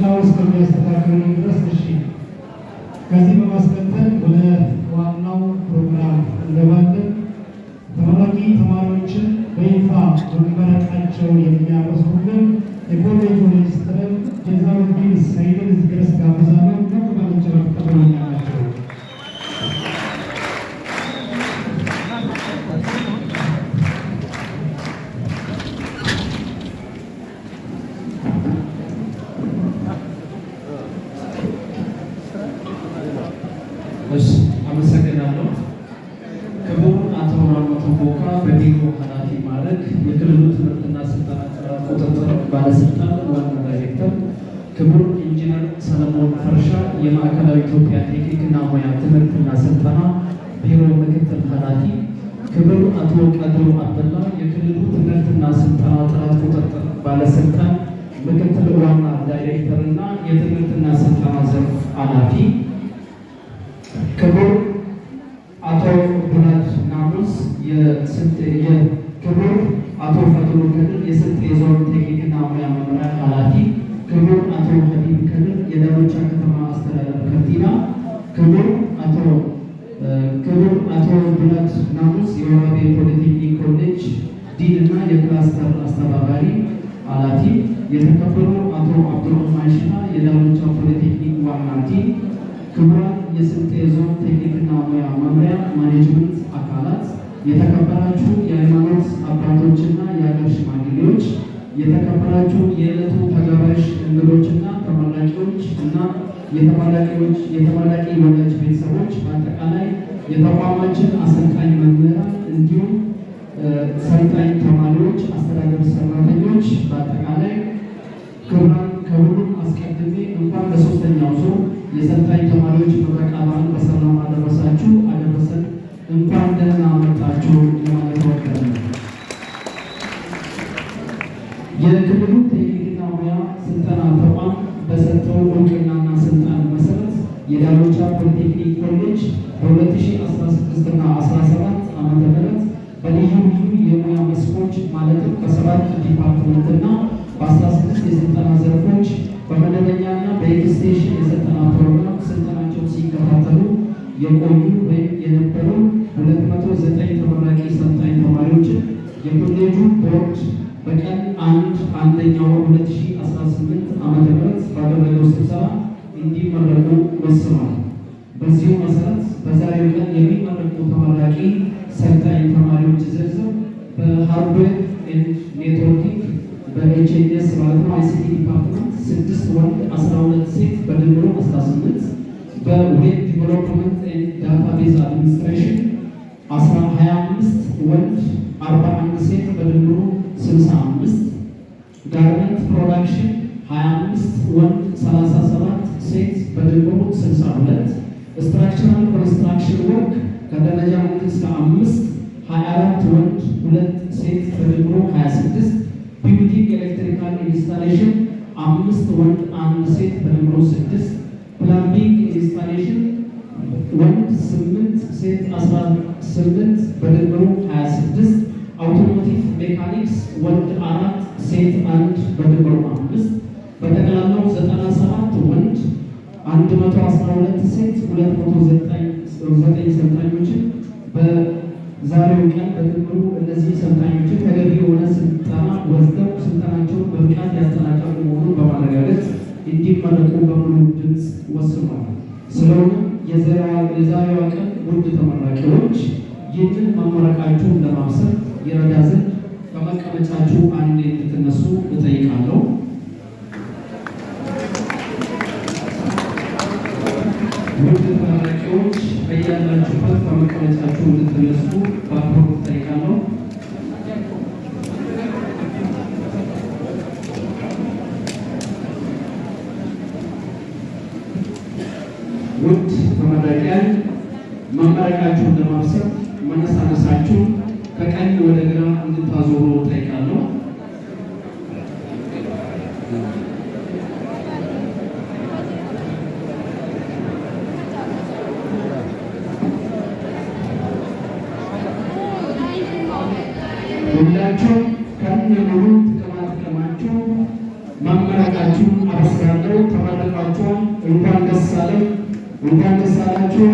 ሁኔታው እስከሚያስተካክሉ ድረስ እሺ። ከዚህ በማስከተል ወደ ዋናው ፕሮግራም እንገባለን። ተመራቂ ተማሪዎችን በይፋ መመረቃቸውን የሚያበስሩልን እሺ አመሰግናለሁ። ክቡር አቶ ራሞ ቶቦካ በቢሮ ኃላፊ ማዕረግ የክልሉ ትምህርትና ስልጠና ጥራት ቁጥጥር ባለስልጣን ዋና ዳይሬክተር፣ ክቡር ኢንጂነር ሰለሞን ፈርሻ የማዕከላዊ ኢትዮጵያ ቴክኒክና ሙያ ትምህርትና ስልጠና ቢሮ ምክትል ኃላፊ፣ ክቡር አቶ ቀድሮ አብደላ የክልሉ ትምህርትና ስልጠና ጥራት ቁጥጥር ባለስልጣን ምክትል ዋና ዳይሬክተር እና የትምህርትና ስልጠና ዘርፍ ኃላፊ ክቡር አቶ ፈትሉ ከድር የስልጤ ዞን ቴክኒክና ሙያ መምሪያ ኃላፊ፣ ክቡር አቶ ሀቢብ ከድር የዳሎቻ ከተማ አስተዳደር ከንቲባ፣ ክቡር አቶ ክቡር አቶ ብላት ናሙስ የወራቤ ፖሊቴክኒክ ኮሌጅ ዲን እና የክላስተር አስተባባሪ ኃላፊ፣ የተከበሩ አቶ አብዱራህማን ሽፋ የዳሎቻ ፖሊቴክኒክ ዋና ዲን፣ ክቡራን የስልጤ ዞን ቴክኒክ የተከበራችሁ የሃይማኖት አባቶችና የሀገር ሽማግሌዎች፣ የተከበራችሁ የዕለቱ ተጋባዥ እንግዶችና ተመራቂዎች እና የተመራቂዎች የተመራቂ ወላጅ ቤተሰቦች፣ በአጠቃላይ የተቋማችን አሰልጣኝ መምህራን፣ እንዲሁም ሰልጣኝ ተማሪዎች፣ አስተዳደር ሰራተኞች፣ በአጠቃላይ ክብራን ከሁሉም አስቀድሜ እንኳን ለሶስተኛው ዙር የሰልጣኝ ተማሪዎች ምረቃ በዓል በሰላም አደረሳችሁ አደረሰን። እንኳን ደህና መጣችሁ ለማለት የክልሉ ቴክኒክና ሙያ ስልጠና ተቋም በሰጠው እውቅናና መሰረት የዳሎቻ ፖሊቴክኒክ ኮሌጅ በ2016 እና 17 ዓ ም በልዩ ልዩ የሙያ መስኮች ማለትም በሰባት ዲፓርትመንትና በ16 የስልጠና ዘርፎች በመደበኛና በኤክስቴንሽን የስልጠና ፕሮግራም ስልጠናቸው ሲከታተሉ የቆዩ የኮሌጁ ቦርድ በቀን አንድ አንደኛ ወር 2018 ዓ.ም ባደረገው ስብሰባ እንዲመረቁ ወስኗል። በዚሁ መሰረት በዛሬው ቀን የሚመረቁ ተመራቂ ሰልጣኝ ተማሪዎች ዝርዝር በሃርድዌር ኤንድ ኔትወርኪንግ በኤችኤንኤስ ማለት ነው አይሲቲ ዲፓርትመንት ስድስት ወንድ 12 ሴት በድምሩ 18 በዌብ ዲቨሎፕመንት ኤንድ ዳታቤዝ አድሚኒስትሬሽን 15 ወንድ አርባ አንድ ሴት በድምሩ 65 አምስት ጋርመንት ፕሮዳክሽን ሀያ አምስት ወንድ ሰላሳ ሰባት ሴት በድምሩ ስልሳ ሁለት ስትራክቸራል ኮንስትራክሽን ወርክ ከደረጃ አንድ እስከ አምስት ሀያ አራት ወንድ ሁለት ሴት በድምሩ 26 ስድስት ቢውልዲንግ ኤሌክትሪካል ኢንስታሌሽን አምስት ወንድ አንድ ሴት በድምሩ ስድስት ፕላምቢንግ ኢንስታሌሽን ወንድ ስምንት ሴት አስራ ስምንት በድምሩ በመካኒክስ ወንድ አራት ሴት አንድ በድምሮ አምስት በጠቅላላው ዘጠና ሰባት ወንድ አንድ መቶ አስራ ሁለት ሴት ሁለት መቶ ዘጠኝ ሰልጣኞችን በዛሬው ቀን በድምሩ እነዚህ ሰልጣኞችን ተገቢ የሆነ ስልጠና ወስደው ስልጠናቸውን በብቃት ያጠናቀቁ መሆኑን በማረጋገጥ እንዲመረቁ በሙሉ ድምፅ ወስኗል። ስለሆነ የዛሬዋ ቀን ውድ ተመራቂዎች ይህንን መመረቃችሁን ለማብሰር ይረዳ ዘንድ ከመቀመጫችሁ አንድ እንድትነሱ እጠይቃለሁ። ውድ ተመራቂዎች በያላችሁበት ከመቀመጫችሁ እንድትነሱ በአክብሮት እጠይቃለሁ። ውድ ተመራቂያን መመረቃችሁን ለማብሰር መነሳነሳችሁ በቀኝ ወደ ግራ እንድታዞሩ እጠይቃለሁ። ሁላችሁ ከነሙሉ ጥቅማጥቅማችሁ መመረቃችሁን አበስራለሁ። ተመረቃችኋል። እንኳን ደስ አለን። እንኳን ደስ አላችሁ።